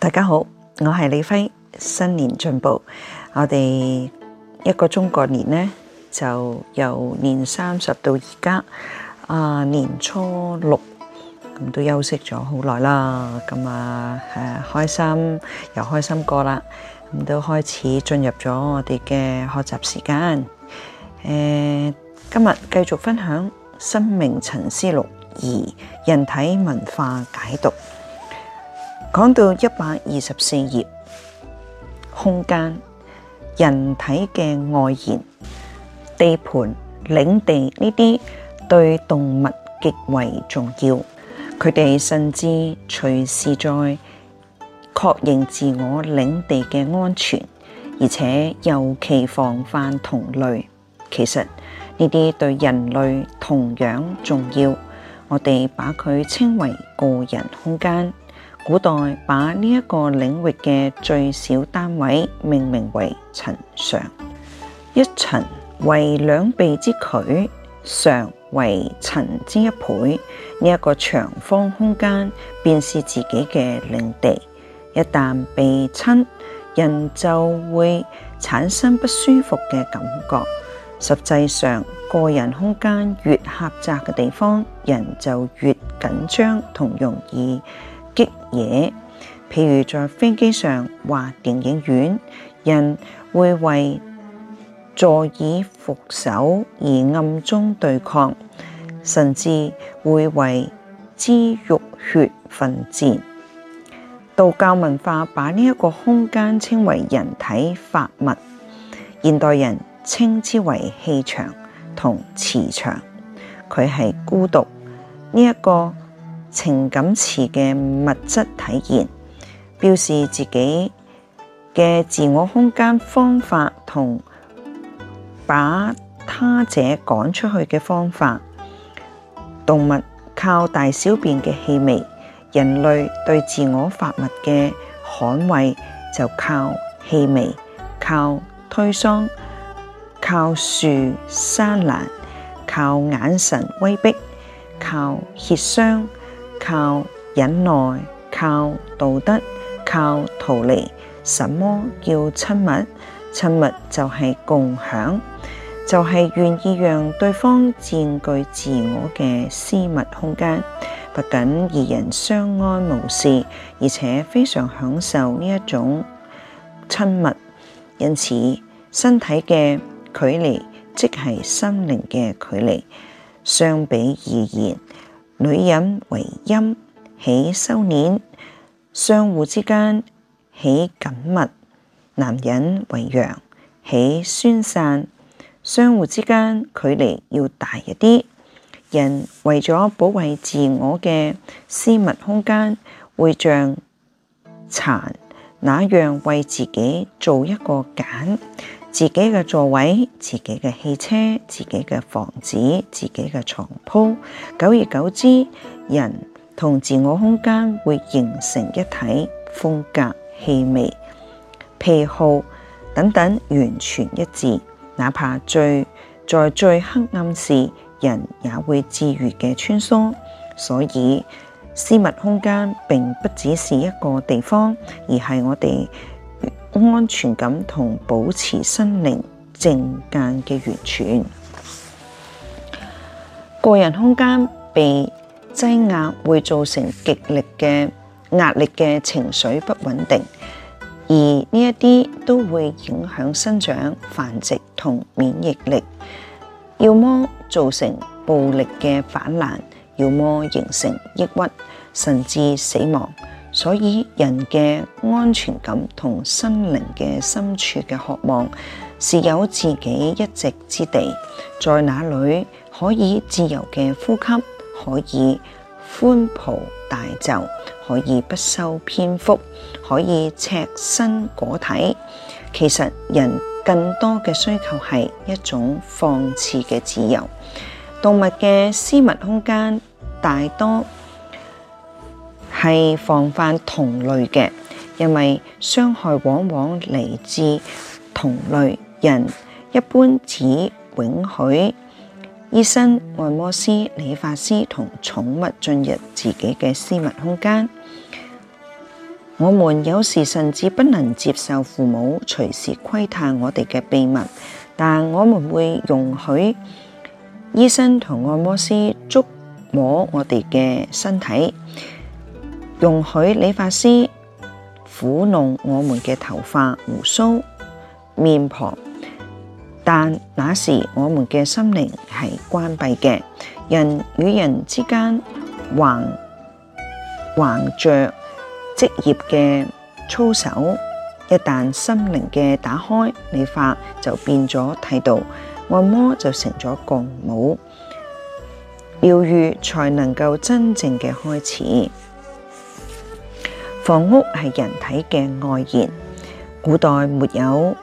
大家好，我係李輝，新年進步。我哋一個中國年呢，就由年三十到而家，啊年初六，咁都休息咗好耐啦。咁啊,啊，開心又開心過啦。咁都開始進入咗我哋嘅學習時間。誒、呃，今日繼續分享《生命沉思錄二：人體文化解讀》。講到一百二十四頁，空間、人體嘅外延、地盤、領地呢啲對動物極為重要，佢哋甚至隨時在確認自我領地嘅安全，而且尤其防範同類。其實呢啲對人類同樣重要，我哋把佢稱為個人空間。古代把呢一個領域嘅最小單位命名為“尋常”，一尋為兩臂之距，常為尋之一倍。呢、這、一個長方空間便是自己嘅領地。一旦被侵，人就會產生不舒服嘅感覺。實際上，個人空間越狹窄嘅地方，人就越緊張同容易。激嘢，譬如在飛機上或電影院，人會為座椅扶手而暗中對抗，甚至會為之浴血奮戰。道教文化把呢一個空間稱為人體法物，現代人稱之為氣場同磁場。佢係孤獨呢一個情感詞嘅物質體現，表示自己嘅自我空間方法同把他者趕出去嘅方法。動物靠大小便嘅氣味，人類對自我法物嘅捍衛就靠氣味，靠推搡，靠樹柵欄，靠眼神威逼，靠協商。靠忍耐，靠道德，靠逃離。什麼叫親密？親密就係共享，就係、是、願意讓對方佔據自我嘅私密空間，不僅二人相安無事，而且非常享受呢一種親密。因此，身體嘅距離即係心靈嘅距離，相比而言。女人為陰，喜收斂，相互之間喜緊密；男人為陽，喜宣散，相互之間距離要大一啲。人為咗保衛自我嘅私密空間，會像蠶那樣為自己做一個繭。自己嘅座位、自己嘅汽車、自己嘅房子、自己嘅床鋪，久而久之，人同自我空間會形成一體，風格、氣味、癖好等等完全一致。哪怕最在最黑暗時，人也會自如嘅穿梭。所以，私密空間並不只是一個地方，而係我哋。安全感同保持心靈靜間嘅源泉，個人空間被擠壓，會造成極力嘅壓力嘅情緒不穩定，而呢一啲都會影響生長、繁殖同免疫力，要麼造成暴力嘅反彈，要麼形成抑鬱，甚至死亡。所以人嘅安全感同心靈嘅深處嘅渴望，是有自己一席之地，在那裏可以自由嘅呼吸，可以寬袍大袖，可以不修邊幅，可以赤身裸體。其實人更多嘅需求係一種放肆嘅自由。動物嘅私密空間大多，係防範同類嘅，因為傷害往往嚟自同類人。一般只允許醫生、按摩師、理髮師同寵物進入自己嘅私密空間。我們有時甚至不能接受父母隨時窺探我哋嘅秘密，但我們會容許醫生同按摩師觸摸我哋嘅身體。容許理髮師撫弄我們嘅頭髮、鬍鬚、面龐，但那時我們嘅心靈係關閉嘅。人與人之間橫橫着職業嘅操守，一旦心靈嘅打開，理髮就變咗態度，按摩就成咗共舞，療癒才能夠真正嘅開始。房屋係人體嘅外延。古代沒有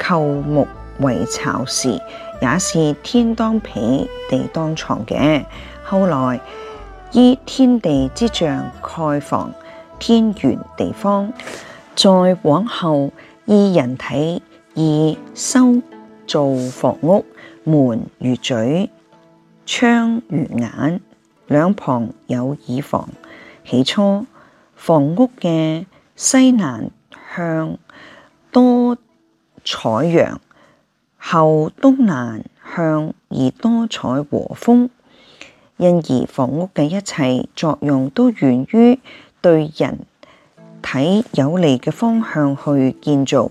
構木為巢時，也是天當被、地當床嘅。後來依天地之象蓋房，天圓地方。再往後依人體而修造房屋，門如嘴，窗如眼，兩旁有耳房。起初，房屋嘅西南向多採陽，後東南向而多採和風，因而房屋嘅一切作用都源於對人體有利嘅方向去建造，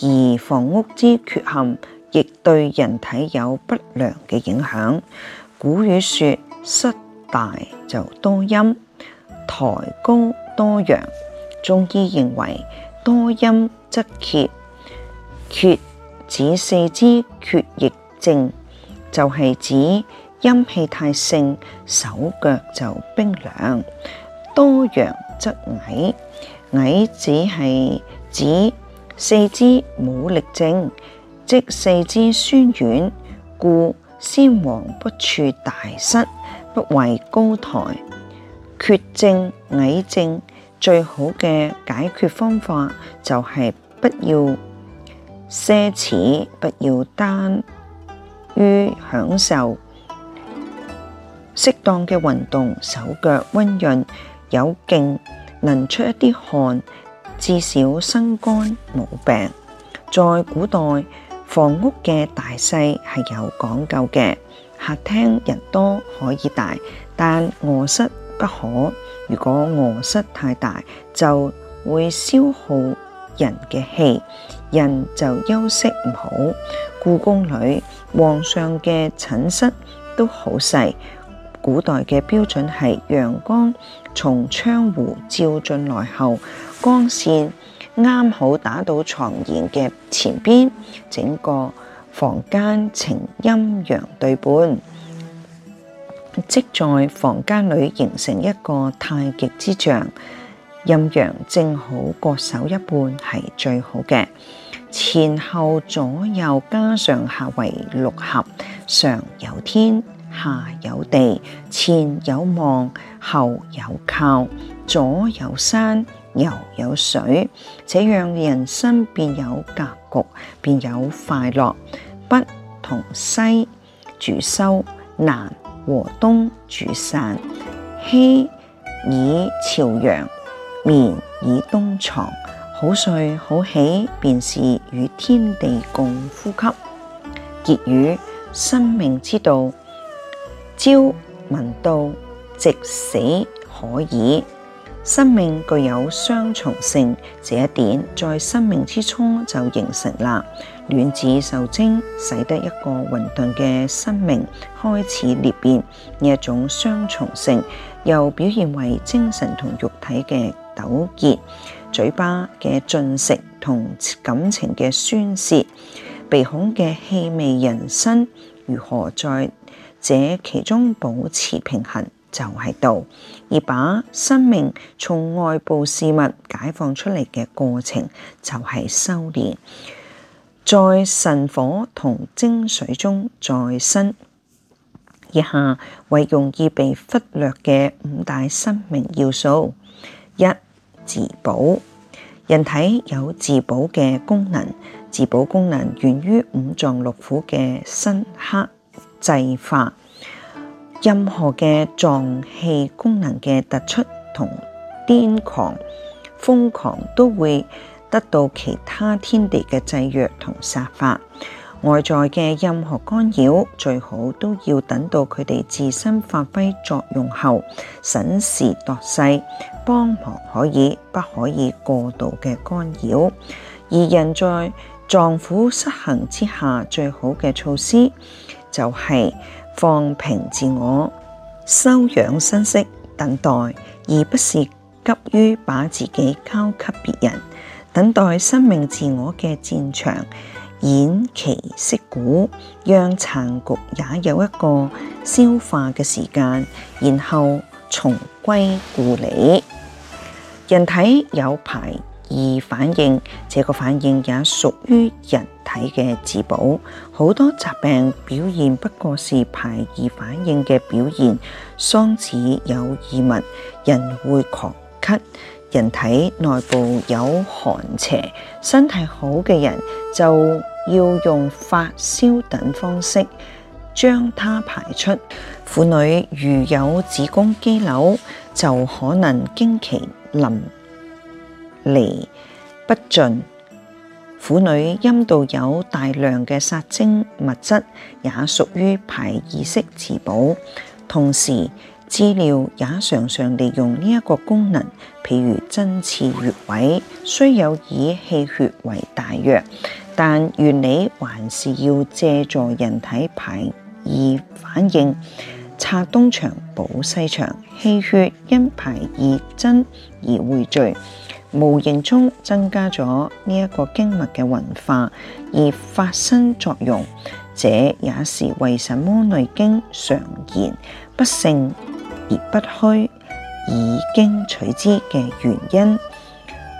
而房屋之缺陷亦對人體有不良嘅影響。古語說：室大就多陰。台高多陽，中醫認為多陰則缺，缺指四肢血液症，就係、是、指陰氣太盛，手腳就冰涼；多陽則矮，矮只係指四肢冇力症，即四肢酸軟，故先王不處大失，不為高台。缺症、危症最好嘅解決方法就係不要奢侈，不要單於享受。適當嘅運動，手腳温潤有勁，能出一啲汗，至少身肝冇病。在古代，房屋嘅大細係有講究嘅，客廳人多可以大，但卧室。不可，如果臥室太大，就會消耗人嘅氣，人就休息唔好。故宮裏皇上嘅寢室都好細，古代嘅標準係陽光從窗戶照進來後，光線啱好打到床沿嘅前邊，整個房間呈陰陽對半。即在房間裏形成一個太極之象，陰陽正好各守一半係最好嘅。前後左右加上下為六合，上有天，下有地，前有望，後有靠，左有山，右有水。這樣人生便有格局，便有快樂。北同西主修南。和東煮散，羲以朝陽，眠以東床，好睡好起，便是與天地共呼吸。結語：生命之道，朝聞道，夕死可矣。」生命具有雙重性，這一點在生命之初就形成啦。卵子受精，使得一個混沌嘅生命開始裂變，這一種雙重性又表現為精神同肉體嘅糾結，嘴巴嘅進食同感情嘅宣泄，鼻孔嘅氣味，人生如何在這其中保持平衡？就係道，而把生命從外部事物解放出嚟嘅過程就係修煉。在神火同精水中再生。以下為容易被忽略嘅五大生命要素：一、自保。人體有自保嘅功能，自保功能源於五臟六腑嘅生克制化。任何嘅臟器功能嘅突出同癲狂、瘋狂都會得到其他天地嘅制約同殺伐。外在嘅任何干擾，最好都要等到佢哋自身發揮作用後審時度勢，幫忙可以，不可以過度嘅干擾。而人在臟腑失衡之下，最好嘅措施就係、是。放平自我，休養生息，等待，而不是急於把自己交給別人。等待生命自我嘅戰場，偃旗息鼓，讓殘局也有一個消化嘅時間，然後重歸故里。人體有排。異反應，這個反應也屬於人體嘅自保。好多疾病表現不過是排異反應嘅表現。嗓子有異物，人會狂咳；人體內部有寒邪，身體好嘅人就要用發燒等方式將它排出。婦女如有子宮肌瘤，就可能經期淋嚟不盡，婦女陰道有大量嘅殺精物質，也屬於排異式治保。同時治療也常常利用呢一個功能，譬如針刺穴位，雖有以氣血為大藥，但原理還是要借助人體排異反應，拆東牆補西牆，氣血因排異真而匯聚。無形中增加咗呢一個經脈嘅運化而發生作用，這也是為什麼內經常言不盛而不虛，以經取之嘅原因。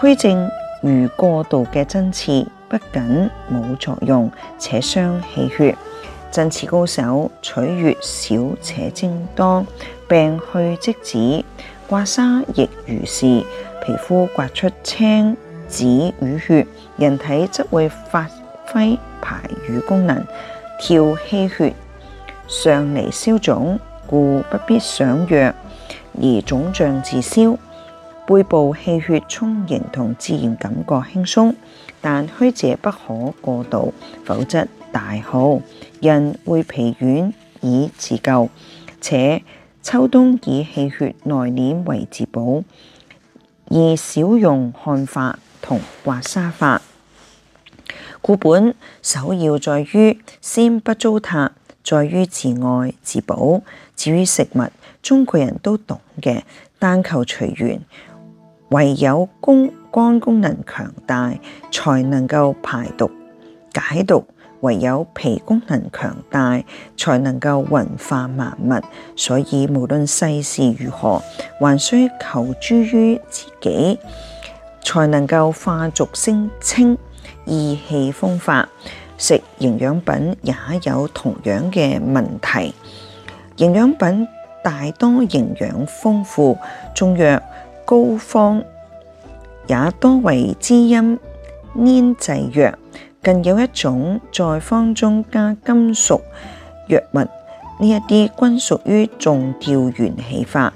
虛症如過度嘅針刺，不僅冇作用，且傷氣血。針刺高手取穴少且精當，病去即止。刮痧亦如是，皮膚刮出青紫瘀血，人體則會發揮排瘀功能，調氣血，上嚟消腫，故不必上藥，而腫脹自消。背部氣血充盈同自然感覺輕鬆，但虛者不可過度，否則大耗。人會疲軟以自救，且。秋冬以氣血內斂為自保，而少用汗法同刮痧法。固本首要在於先不糟蹋，在於自愛自保。至於食物，中國人都懂嘅，單求隨緣。唯有肝肝功能強大，才能夠排毒解毒。唯有脾功能強大，才能夠運化萬物。所以無論世事如何，還需求諸於自己，才能夠化俗升清，意氣風發。食營養品也有同樣嘅問題，營養品大多營養豐富，中藥膏方也多為滋陰粘滯藥。更有一種在方中加金屬藥物，呢一啲均屬於重調元氣化。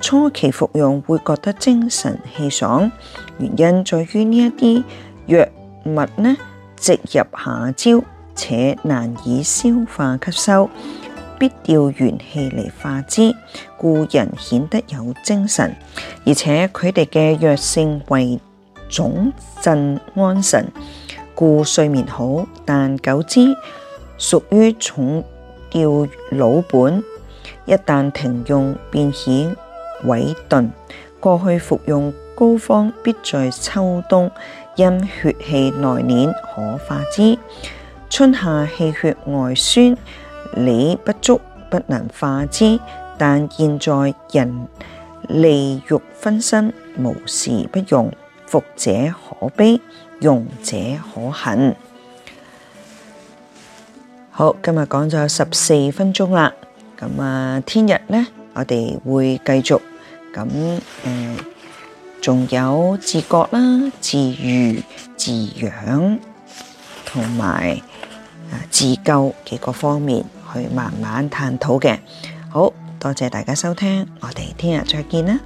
初期服用會覺得精神氣爽，原因在於呢一啲藥物呢，直入下焦且難以消化吸收，必調元氣嚟化之，故人顯得有精神。而且佢哋嘅藥性為重鎮安神。故睡眠好，但久之屬於重調老本，一旦停用便顯萎頓。過去服用膏方必在秋冬，因血氣內斂可化之；春夏氣血外酸，理不足不能化之。但現在人利欲分身，無時不用服者可悲。用者可恨。好，今日講咗十四分鐘啦。咁啊，聽日咧，我哋會繼續咁誒，嗯，仲有自覺啦、自愈、自養同埋自救幾個方面去慢慢探討嘅。好多謝大家收聽，我哋聽日再見啦。